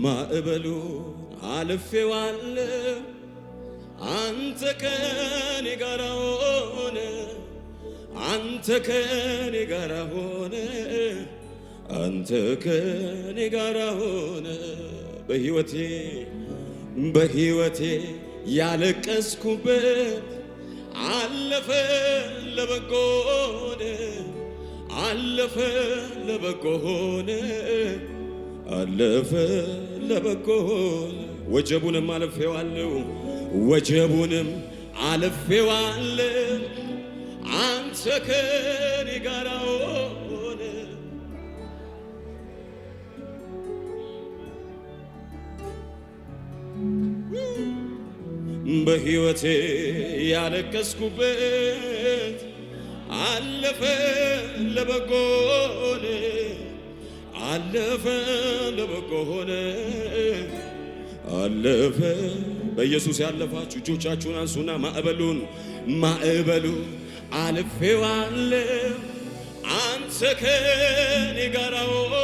ማዕበሉን አልፌዋለሁ አንተ ከኔ ጋር ሆነ አንተ ከኔ ጋር ሆነ አንተ ከኔ ጋር ሆነ በሕይወቴ በሕይወቴ ያለቀስኩበት አለፈ ለበጎ ሆነ አለፈ ለበጎ ሆነ አለፈ ለበጎ ወጀቡንም አለፌዋለሁ ወጀቡንም አለፌዋለሁ አንተ ከኔ ጋር ሆነ በሕይወቴ ያለቀስኩበት አለፈ ለበጎ አለፈ ለበጎ ሆነ አለፈ። በኢየሱስ ያለፋችሁ እጆቻችሁን አንሱና ማዕበሉን ማዕበሉ አልፌዋለሁ አንተ ከኔ ጋር ሆነ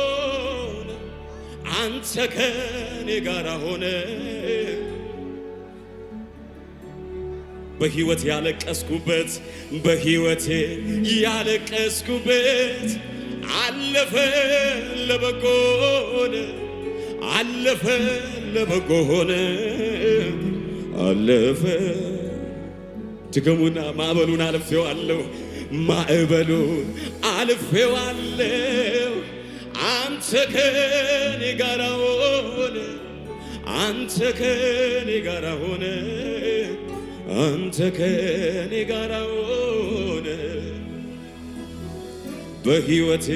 አንተ ከኔ ጋር ሆነ በሕይወት ያለቀስኩበት በሕይወቴ ያለቀስኩበት አለፈ ለበጎ ሆነ፣ አለፈ ለበጎ ሆነ፣ አለፈ። ድገሙና ማዕበሉን አልፌዋለሁ፣ ማዕበሉን አልፌዋለሁ። አንተ ከኔ ጋራ ሆነ፣ አንተ ከኔ ጋራ ሆነ፣ አንተ ከኔ ጋራ ሆነ በሕይወቴ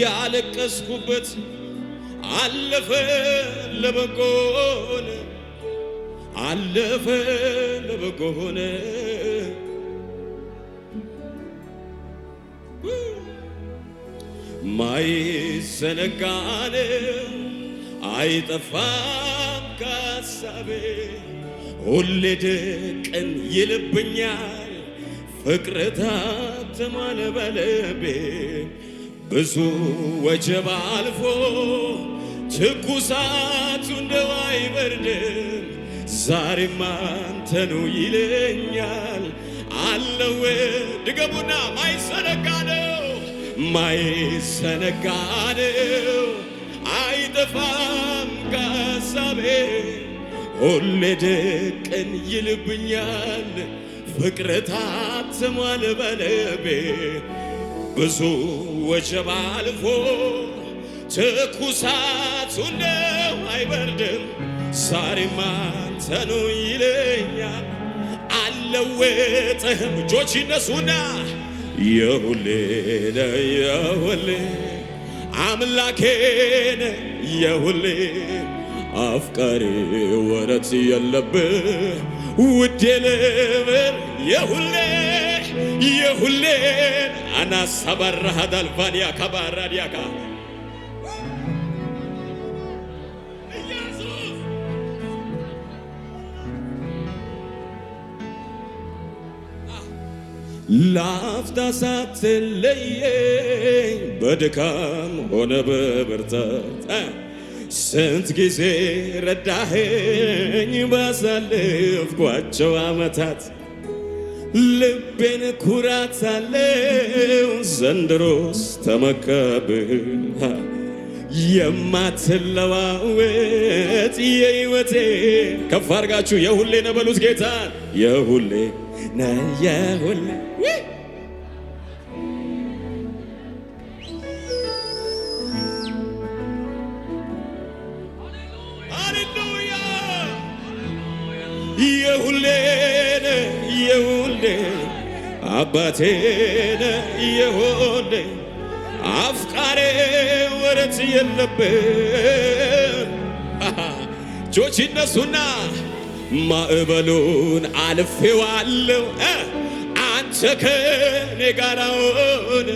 ያለቀስኩበት አለፈ ለበጎ ሆነ፣ አለፈ ለበጎ ሆነ። ማይዘነጋ አይጠፋም ካሳቤ ሁሌ ደቀን ይልብኛል ፍቅርታ ተሟል በልቤ ብዙ ወጀብ አልፎ ትኩሳቱ እንደው አይበርድም ዛሬም አንተኑ ይለኛል አለው ድገሙና ማይሰነጋ ነው ማይሰነጋ ነው አይጠፋም ከሳቤ ሁሌ ደቅን ይልብኛል ፍቅር ታትሟል በልቤ ብዙ ወጀብ አልፎ ትኩሳቱ ነው አይበርድም ዛሬም አንተኑ ይለኛል አለወጥህም እጆች ይነሱና የሁሌ ነህ የሁሌ አምላኬን የሁሌ አፍቃሪ ወረት የለብህ ውዴ ልበል የሁሌ የሁሌ አናሳባራሃዳል ቫሊያ ካባራዲያካ ላፍታ ሳትለየኝ በድካም ሆነ በብርታት ስንት ጊዜ ረዳኸኝ ባሳለፍኳቸው ዓመታት ልቤን ኩራት አለው ዘንድሮስ ተመካብህ የማትለዋወጥ የህይወቴ ከፍ አድርጋችሁ የሁሌ ነበሉት ጌታ የሁሌ ነ የሁሌ አባቴነ የሆነ አፍቃሬ ወረት የለብን እጆች ይነሱና ማዕበሉን አልፌዋለሁ አንተ ከኔ ጋር ሆነ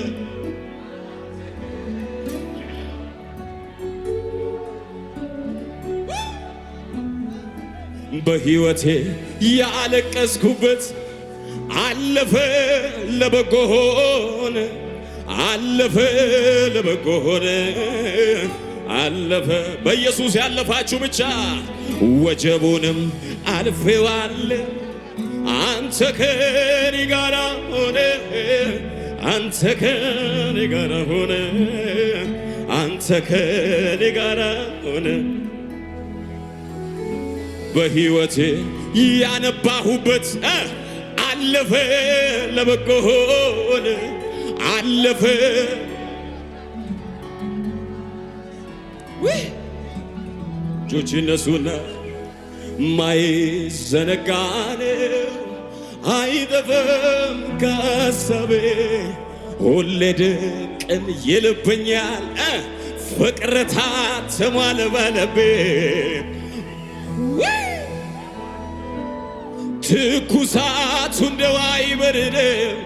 በሕይወቴ ያለቀስኩበት አለፈ ለበጎ ሆነ፣ አለፈ ለበጎ ሆነ፣ አለፈ። በኢየሱስ ያለፋችሁ ብቻ ወጀቡንም አልፌዋለ። አንተ ከኔ ጋር ሆነ፣ አንተ ከኔ ጋር ሆነ፣ አንተ ከኔ ጋር ሆነ በሕይወቴ ያነባሁበት አለፈ ለበጎ ሆነ አለፈ እጆች ነሱና ማይዘነጋን አይጠፈም ከሰቤ ሁሌ ድቅን ይልብኛል ፍቅርታ ተሟለ በለቤ ትኩሳቱ እንደው አይበርድም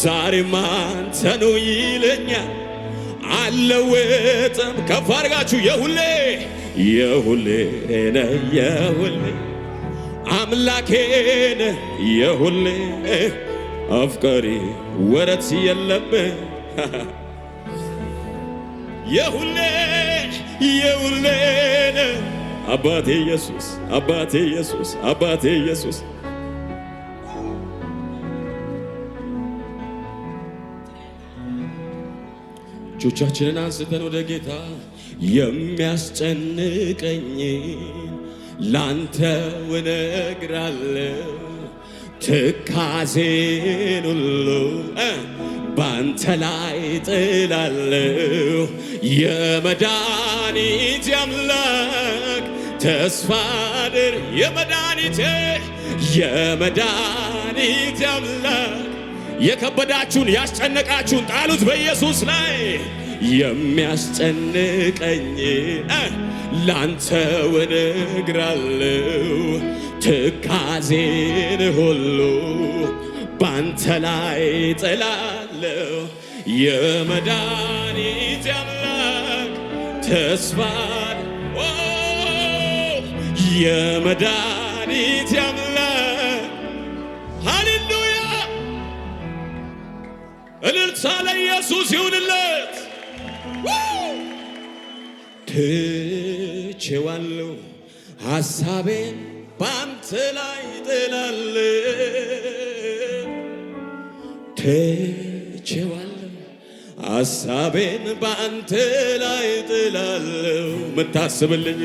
ዛሬም አንተ ነው ይለኛል አለወጥም ከፍ አድርጋችሁ የሁሌ የሁሌ ነህ የሁሌ አምላኬ የሁሌ አፍቃሪ ወረት የለም የሁሌ የሁሌ አባቴ ኢየሱስ አባቴ ኢየሱስ አባቴ ኢየሱስ እጆቻችንን አንስተን ወደ ጌታ የሚያስጨንቀኝን ላንተ እነግራለሁ፣ ትካዜን ሁሉ ባንተ ላይ ጥላለሁ። የመድኃኒቴ አምላክ ተስፋ የመድኃኒቴ የመድኃኒቴ አምላክ የከበዳችሁን ያስጨነቃችሁን ጣሉት በኢየሱስ ላይ። የሚያስጨንቀኝ ላንተ ወነግራለሁ፣ ትካዜን ሁሉ ባንተ ላይ ጥላለሁ። የመድኃኒቴ አምላክ ተስፋ የመድኃኒቴ እልልታ ለኢየሱስ ይሁንለት። ትቼዋለሁ ሐሳቤን ባንተ ላይ ጥላለሁ። ትቼዋለሁ ሐሳቤን ባንተ ላይ ጥላለሁ። ምታስብልኝ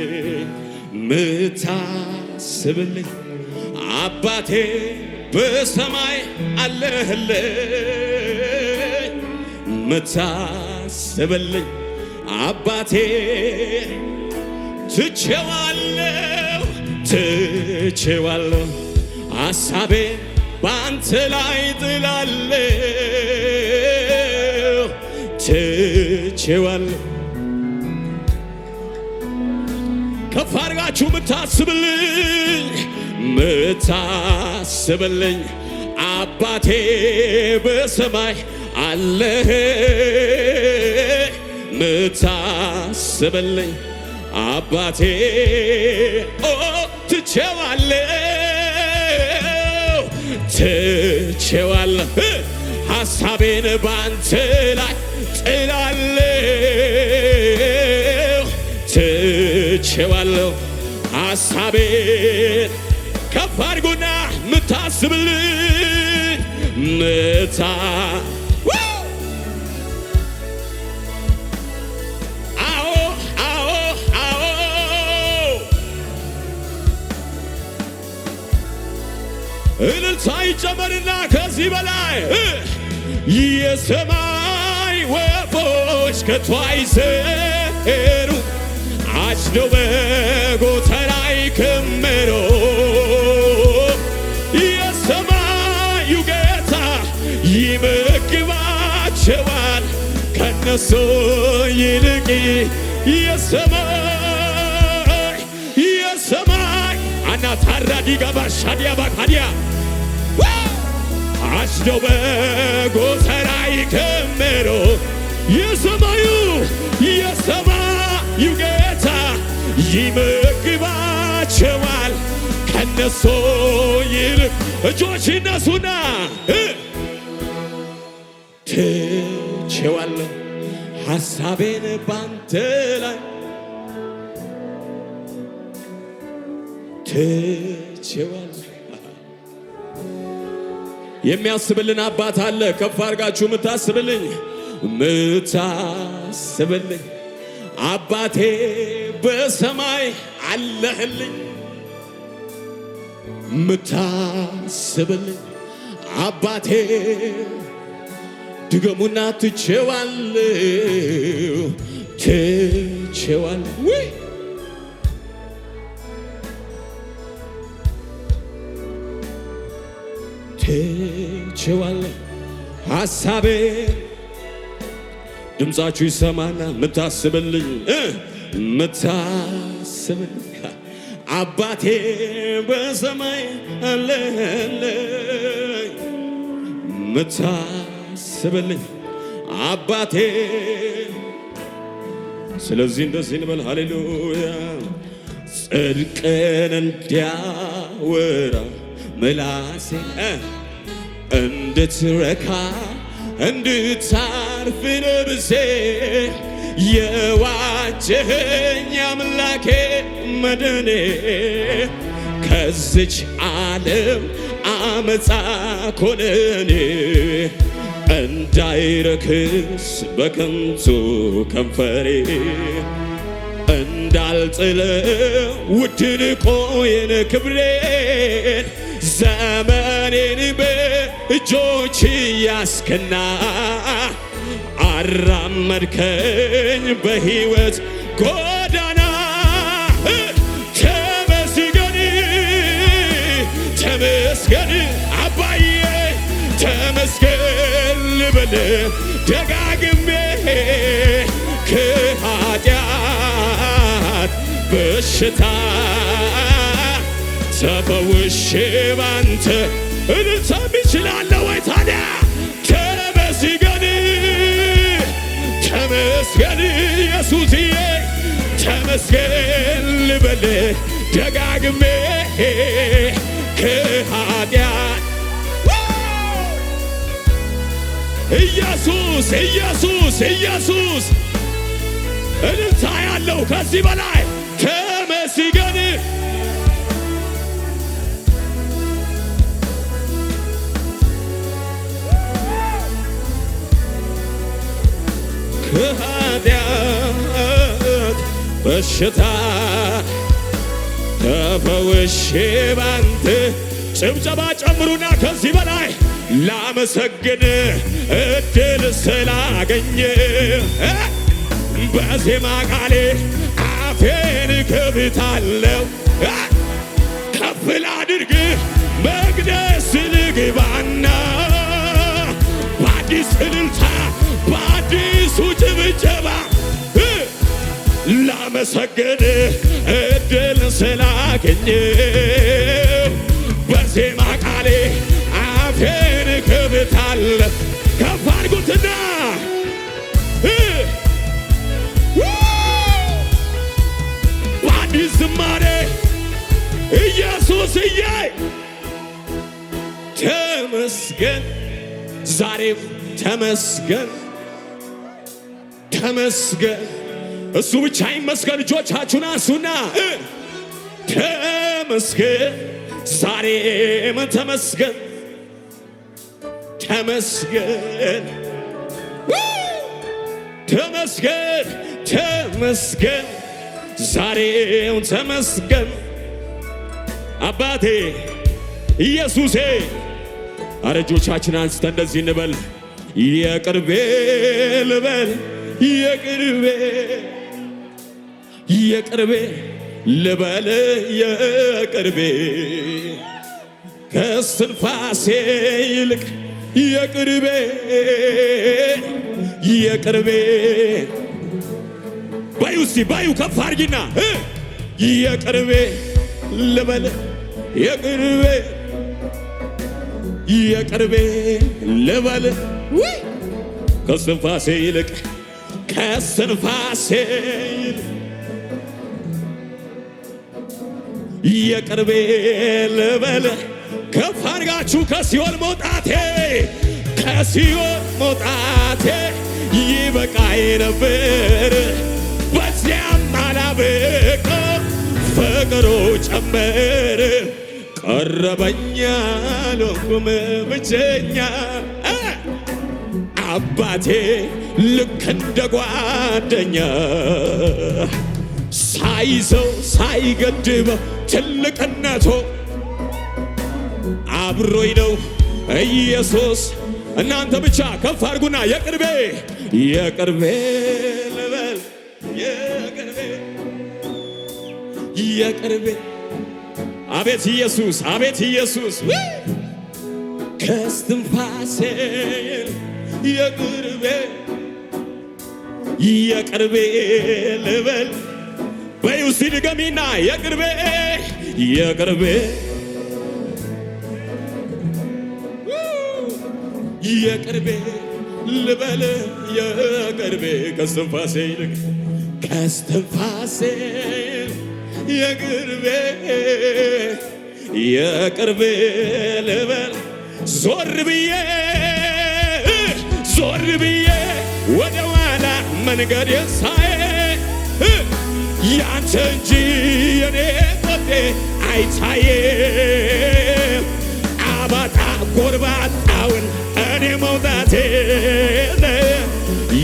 ምታስብልኝ አባቴ በሰማይ አለህልህ መታሰበልኝ አባቴ ትቼዋለሁ ትቼዋለሁ አሳቤ በአንተ ላይ ጥላለሁ ትቼዋለሁ ከፍ አድርጋችሁ ምታስብልኝ ምታስብልኝ አባቴ በሰማይ አለህ ምታስብልኝ አባቴ ኦ ትቼዋለሁ ትቼዋለሁ ሐሳቤን ባንተ ላይ ጥላለሁ ትቼዋለሁ ሐሳቤን ከፍ አድርጉና ምታስብልኝ ምታ እልልታ ይጨመርና ከዚህ በላይ የሰማይ ወፎች ከቶ አይዘሩ አጭዶ በጎተራ ይከምሮ የሰማዩ ጌታ ይመግባቸዋል ከነሱ ይልቅ የሰማይ የሰማይ አናታራ ወስዶ በጎተራ ይከምረው የሰማዩ የሰማዩ ጌታ ይመግባቸዋል ከነሱ ይልቅ እጆች ይነሱና ትቼዋለሁ ሐሳቤን ባንተ ላይ ትቼዋለሁ የሚያስብልን አባት አለ። ከፍ አድርጋችሁ የምታስብልኝ ምታስብልኝ አባቴ በሰማይ አለህልኝ ምታስብልኝ አባቴ ድገሙና ትቼዋል ትቼዋል ትችዋለህ ሐሳቤ ድምፃችሁ ይሰማና ምታስብልኝ ምታስብልኝ አባቴ በሰማይ አለልኝ ምታስብልኝ አባቴ ስለዚህ እንደዚህ እንበል ሃሌሉያ ጽድቅን እንዲያወራ ምላሴ እንድትረካ እንድታርፍ ነብሴ የዋጀኸኝ አምላኬ መድኔ ከዝች ዓለም አመፃ ኮነኔ እንዳይረክስ በከንቱ ከንፈሬ እንዳልጥለ ውድንቆየን ክብሬን ዘመኔን እጆች ያስከና አራመድከኝ በሕይወት ጎዳና ተመስገን ተመስገን አባዬ ተመስገን ልበል ደጋግሜ ከኃጢአት በሽታ ተፈውሼ ባንተ ልሰም ይችላለ ወይ ታዲያ? ተመስገን ተመስገን ኢየሱስዬ ተመስገን ልበል ደጋግሜ ከኃጢአት ኢየሱስ ኢየሱስ ኢየሱስ እልልታ ያለው ከዚህ በላይ ተመስገን በሽታ ተፈውሼ ባንተ። ጭብጨባ ጨምሩና ከዚህ በላይ ላመሰግን እድል ስላገኘ በዜማ ቃሌ አፌን ከብታለው ከፍል አድርግ መቅደስ ልግባና በአዲስ እልልታ በአዲሱ ጭብጨባ ላመሰግን እድል ስላገኘ በዜማ ቃሌ አፌን ክብታል ከፍ አድርጉትና በአዲስ ዝማሬ ኢየሱስ እያይ ተመስገን ዛሬም ተመስገን ተመስገን እሱ ብቻ ይመስገን። እጆቻችሁን አንሱና ተመስገን፣ ዛሬም ተመስገን፣ ተመስገን፣ ተመስገን፣ ተመስገን፣ ዛሬም ተመስገን። አባቴ ኢየሱሴ አረ እጆቻችን አንስተን እንደዚህ እንበል የቅርቤ ልበል የቅርቤ የቅርቤ ልበል የቅርቤ ከስትንፋሴ ይልቅ የቅርቤ የቅርቤ ባዩ ሲ ባዩ ከፍ አርጊና የቅርቤ ልበል የቅርቤ የቅርቤ ልበል ከስትንፋሴ ይልቅ ከስትንፋሴ ይልቅ የቅርቤ ልበል ከፍ አድርጋችሁ ከሲኦል መውጣቴ ከሲኦል መውጣቴ ይበቃዬ ነበር በዚያም አላበቃ ፍቅሩ ጨመር ቀረበኛ ሎኩም ብቸኛ አባቴ ልክ እንደ ጓደኛ ሳይዘው ሳይገድበው ትልቅነቱ አብሮኝ ነው ኢየሱስ። እናንተ ብቻ ከፍ አርጉና የቅርቤ የቅርቤ ልበል የቅርቤ የቅርቤ አቤት ኢየሱስ አቤት ኢየሱስ ከስትንፋሴ የቅርቤ የቅርቤ ልበል በይው እስቲ የቅርቤ የቅርቤ የቅርቤ ልበል የቅርቤ ከስትንፋሴ ይልቅ ከስትንፋሴ የቅርቤ የቅርቤ ልበል ዞር ብዬ ዞር ብዬ ወደ ኋላ መንገድ ሳይ ያንተ እንጂ የኔ ሞቴ አይታየም። አባጣ ጎርባጣውን እኔ መውጣቴን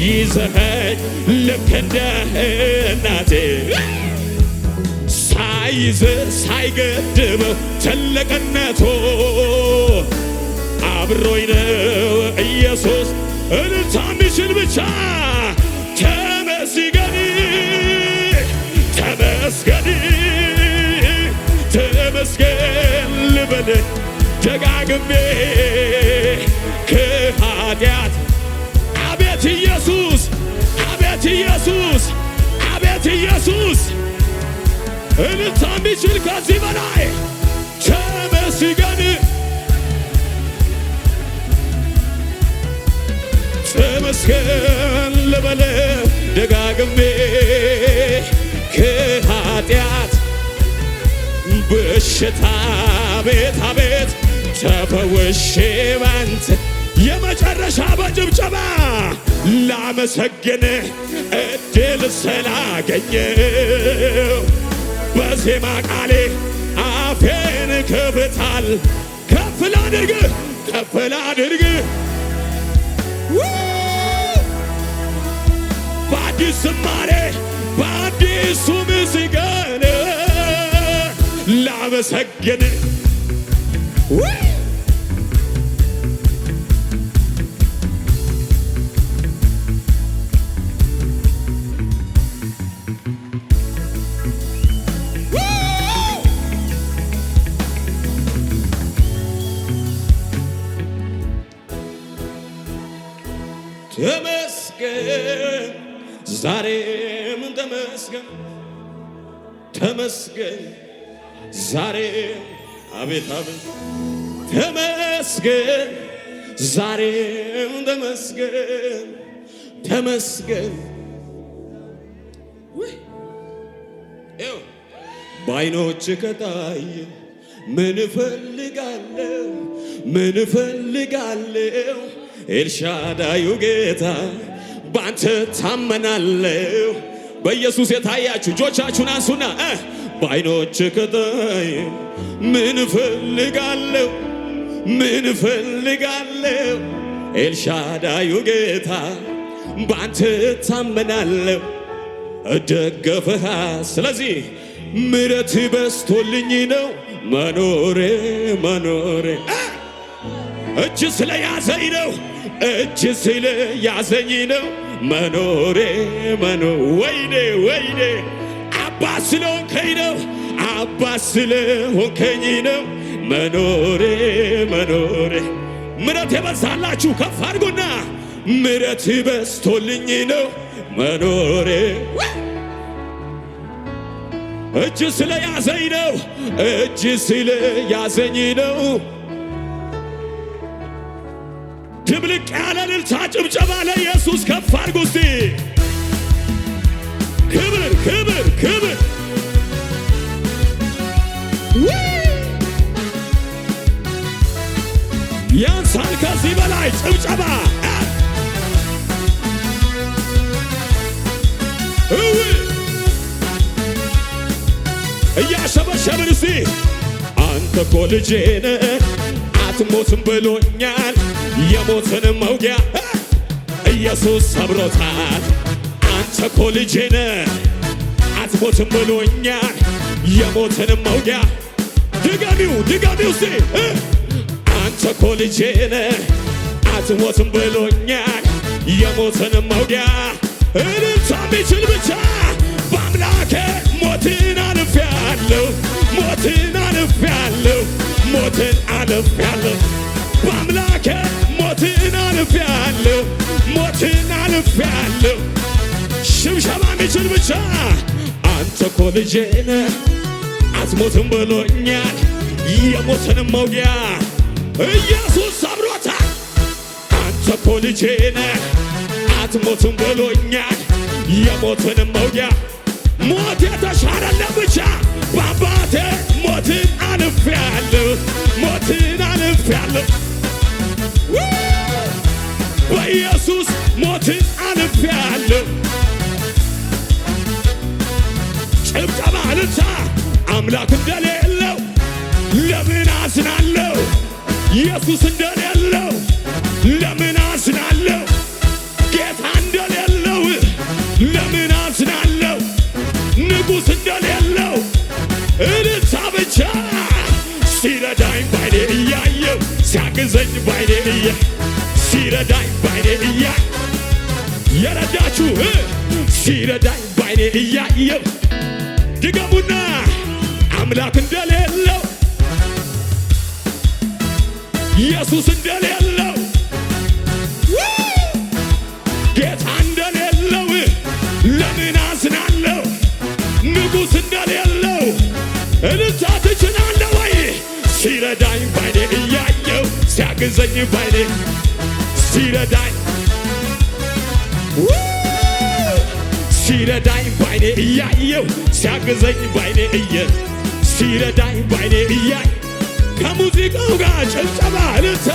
ይዘኸኝ ልክ እንደ እናቴ ሳይዝ ሳይገድበው ትልቅነቱ አብሮኝ ነው ኢየሱስ እልልታ ሚችል ብቻ ከመሲገ ተመስገን ተመስገን ልበል ደጋግሜ ከኃጢአት አቤት ኢየሱስ አቤት ኢየሱስ አቤት ኢየሱስ እልልታ ከዚህ በላይ ተመስገን ተመስገን ልበል ደጋግሜ ኃጢአት በሽታ ቤት አቤት ተፈውሼ ባንተ የመጨረሻ በጭብጨባ ላመሰግንህ እድል ስላገኘው በዜማ ቃሌ አፌን ክፍታል ከፍ ላድርግ ከፍ ላድርግ በአዲስ ዝማሬ በአዲሱ ምስጋና ላመሰግን تمسك زاري ተመስገን ተመስገን ዛሬ አቤት አቤት ተመስገን ዛሬም ተመስገን ተመስገን በአይኖች ከታየ ምን እፈልጋለሁ? ምን እፈልጋለሁ? ኤልሻዳዩ ጌታ ባንተ ታመናለሁ። በኢየሱስ የታያችሁ እጆቻችሁን አንሱና በአይኖች ቅጥይ ምን ፈልጋለሁ? ምን ፈልጋለሁ? ኤልሻዳዩ ጌታ በአንተ ታመናለሁ፣ እደገፈሃ ስለዚህ ምረት በስቶልኝ ነው መኖሬ መኖሬ እጅ ስለ ያዘኝ ነው እጅ ስለ ያዘኝ ነው መኖሬ መኖ ወይኔ ወይኔ አባ ስለሆንከኝ ነው አባ ስለሆንከኝ ነው መኖሬ መኖሬ ምረት የበዛላችሁ ከፍ አድርጎና ምረት በስቶልኝ ነው መኖሬ እጅ ስለ ያዘኝ ነው እጅ ስለ ያዘኝ ነው ድብልቅ ያለ እልልታ ጭብጨባ ለኢየሱስ ከፍ አድርጉ እስቲ። ክብር ክብር ክብር ያንሳል ከዚህ በላይ ጭብጨባ እው እያሸበሸብን እስቲ አንተ እኮ ልጄ ነህ አትሞትም ብሎኛል የሞትን መውጊያ ኢየሱስ ሰብሮታል። አንተ ኮ ልጄ ነህ አትሞትም ብሎኛል። የሞትን መውጊያ ድጋሚው ድጋሚው ሴ አንተ ኮ ልጄ ነህ አትሞትም ብሎኛል። የሞትን መውጊያ እልልታ የሚችል ብቻ በአምላኬ ሞትን አልፌአለሁ ሞትን አልፌአለሁ ሞትን አልፌአለሁ በአምላኬ ሞትን አልፌአለሁ፣ ሞትን አልፌአለሁ። ሽብሸባ ሚችል ብቻ አንተ እኮ ልጄ ነህ አትሞትም ብሎኛል። የሞትንም መውጊያ ኢየሱስ ሰብሮታል። አንተ እኮ ልጄ ነህ አትሞትም ብሎኛል። የሞትንም መውጊያ ሞት የተሻረለ ብቻ በአባቴ ሞትን አልፌአለሁ፣ ሞትን አልፌአለሁ በኢየሱስ ሞትን አልፌአለሁ። ጭብጨባ እልልታ፣ አምላክ እንደሌለው ለምን አዝናለሁ? ኢየሱስ እንደሌለው ለምን አዝናለሁ? ጌታ እንደሌለው ለምን አዝናለሁ? ንጉሥ እንደሌለው እልልታ ብቻ ሲረዳኝ ባይኔ እያየው ሲያግዘኝ ባይኔ እያ ሲረዳኝ የረዳችሁ ሲረዳኝ ባይኔ እያየው ድገሙና አምላክ እንደሌለው ኢየሱስ እንደሌለው ጌታ እንደሌለው ለምን አዝናለው? ንጉሥ እንደሌለው እንታ ትችላለ ወይ? ሲረዳኝ ባይኔ እያየው ሲያግዘኝ ባይኔ ሲረዳኝ ሲረዳኝ ባይኔ እያየው ሲያግዘኝ ባይኔ እየ ሲረዳኝ ባይኔ እያይ ከሙዚቃው ጋር ጭብጨባ ልታ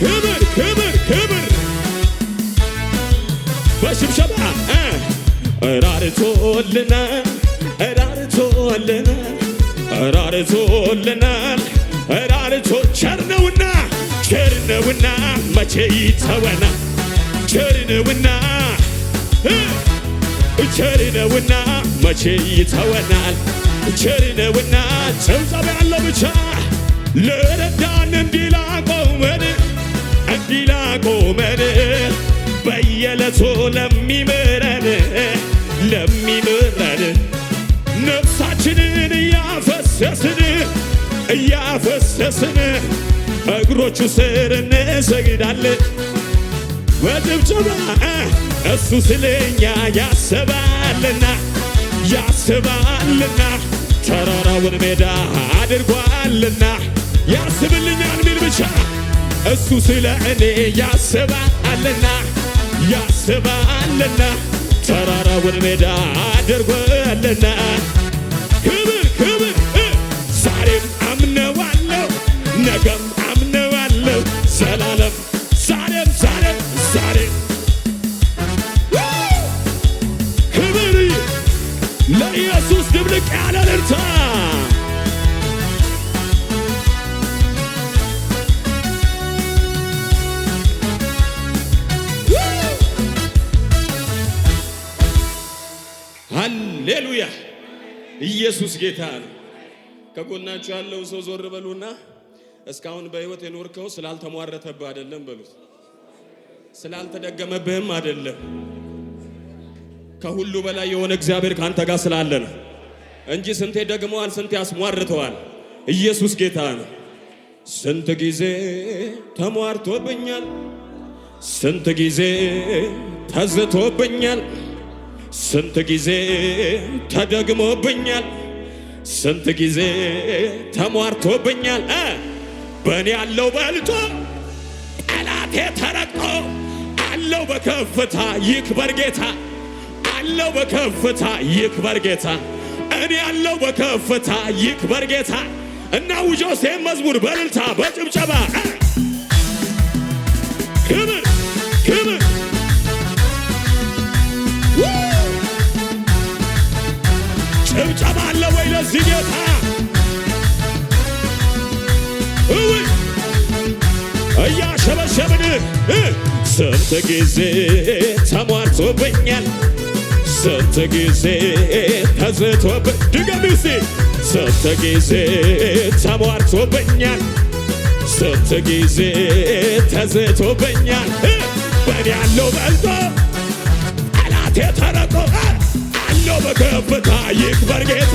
ክብር ክብር ክብር ክብር ራርቶልና ራርቶልና ራርቶልናል ራርቶ ቸርነውና ቸርነውና መቼ ይተወና ቸርነውና ቸርነውና መቼ ይተወናል ቸርነውና ጭብጨባ ያለው ብቻ ለረዳን እንዲላ ቆመን እንዲላ ቆመን በየለቱ ለሚምረን ለሚምረን ነፍሳችንን እያፈሰስን እያፈሰስን እግሮቹ ስር እንሰግዳለን በጭብጨባ እሱ ስለኛ ያስባልና ያስባልና ተራራውን ሜዳ አድርጓልና ያስብልኛል ሚል ብቻ እሱ ስለ እኔ ያስባልና ያስባልና ተራራውን ሜዳ አድርጓልና ክብር ዛሬም አምነዋለሁ ነገም አምነዋለሁ ዘላለም ዛሬም ዛሬም ዛሬ ክብር ለኢየሱስ ድብልቅ ያለ ኢየሱስ ጌታ ነው። ከጎናችሁ ያለው ሰው ዞር በሉና እስካሁን በህይወት የኖርከው ስላልተሟረተብህ አይደለም በሉት። ስላልተደገመብህም አይደለም። ከሁሉ በላይ የሆነ እግዚአብሔር ካንተ ጋር ስላለ ነው እንጂ ስንቴ ደግመዋል፣ ስንቴ አስሟርተዋል። ኢየሱስ ጌታ ነው። ስንት ጊዜ ተሟርቶብኛል፣ ስንት ጊዜ ተዝቶብኛል ስንት ጊዜ ተደግሞብኛል፣ ስንት ጊዜ ተሟርቶብኛል። በእኔ ያለው በልጦ ጠላቴ ተረቆ አለው በከፍታ ይክበር ጌታ፣ አለው በከፍታ ይክበር ጌታ፣ እኔ ያለው በከፍታ ይክበር ጌታ እና ውጆ ሴም መዝሙር በእልልታ በጭብጨባ ለዚህ ጌታ እውይ እያሸበሸብን ስንት ጊዜ ተሟርቶብኛል፣ ስንት ጊዜ ተዝቶብኝ ድገሚ ስንት ጊዜ ተሟርቶብኛል፣ ስንት ጊዜ ተዝቶብኛል። በኔ ያለው በልጦ ጠላቴ ተረቆ አለው በከፍታ ይክበር ጌታ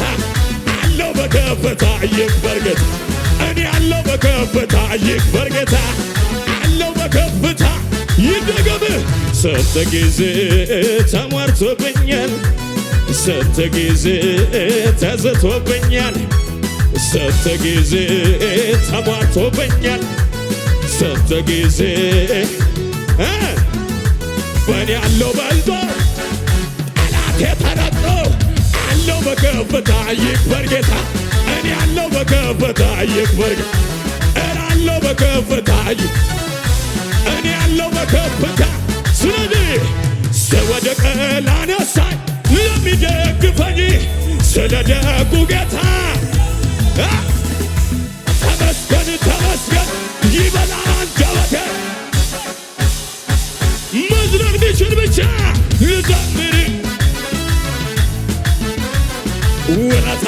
በከፍታ ይበርገት እኔ ያለው በከፍታ ይበርገታ ያለው በከፍታ ይደገም ስንት ጊዜ ተሟርቶብኛል ስንት ጊዜ ተዝቶብኛል ስንት ጊዜ ተሟርቶብኛል ስንት ጊዜ በእኔ ያለው በልጦ በከፍታ ይክበር ጌታ እኔ ያለው በከፍታ ይክበር እላለው በከፍታ እኔ ያለው በከፍታ ስለዚህ ስወድቅ ላነሳኝ ለሚደግፈኝ ስለ ደጉ ጌታ ተመስገን ተመስገን ይበላል አንደበቴ መዝለቅ እንዲችል ብቻ ልዘምር ወረታ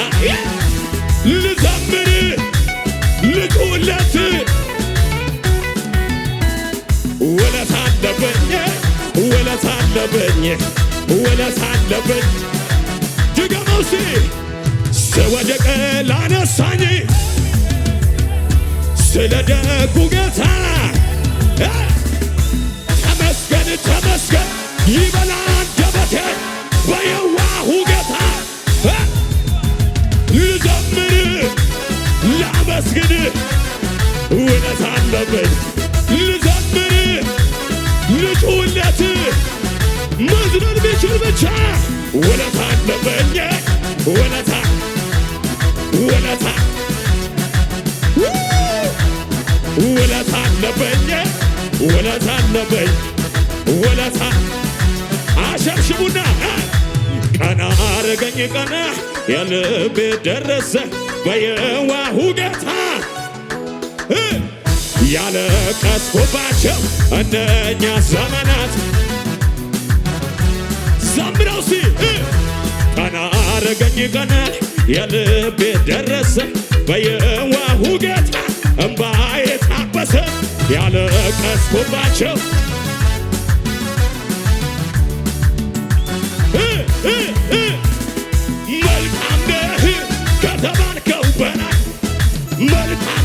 ልዘምር ልቁለት ውለታ አለበኝ ውለታ አለበኝ ውለታ አለበኝ ድገመውሲ ስወደቅ ላነሳኝ ስለ ደጉ ጌታ ተመስገን ተመስገን ይበላ አንደበቴ በየዋሁ ላመስግን እውነት አለበት ልዘምር ልጩለት መዝመር ቢችል ብቻ ውለታ አለበኝ ውለታ ውለታ ውለታ አለበኝ ውለታ አለበኝ ውለታ አሸብሽቡና ቀና አረገኝ ቀና የልቤ ደረሰ በየዋሁ ጌታ ያለቀስኩባቸው እንደኛ ዘመናት ዘምረው ሲ ቀና አረገኝ ቀና የልቤ ደረሰ በየዋሁ ጌታ እምባዬ ታበሰ ያለቀስኩባቸው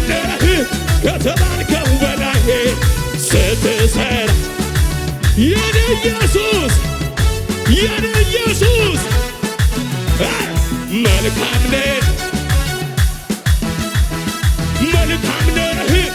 ነህ ከተባርከው በላይ ስትሰራ የኔ ኢየሱስ የኔ ኢየሱስ መልካም ነህ መልካም ነህ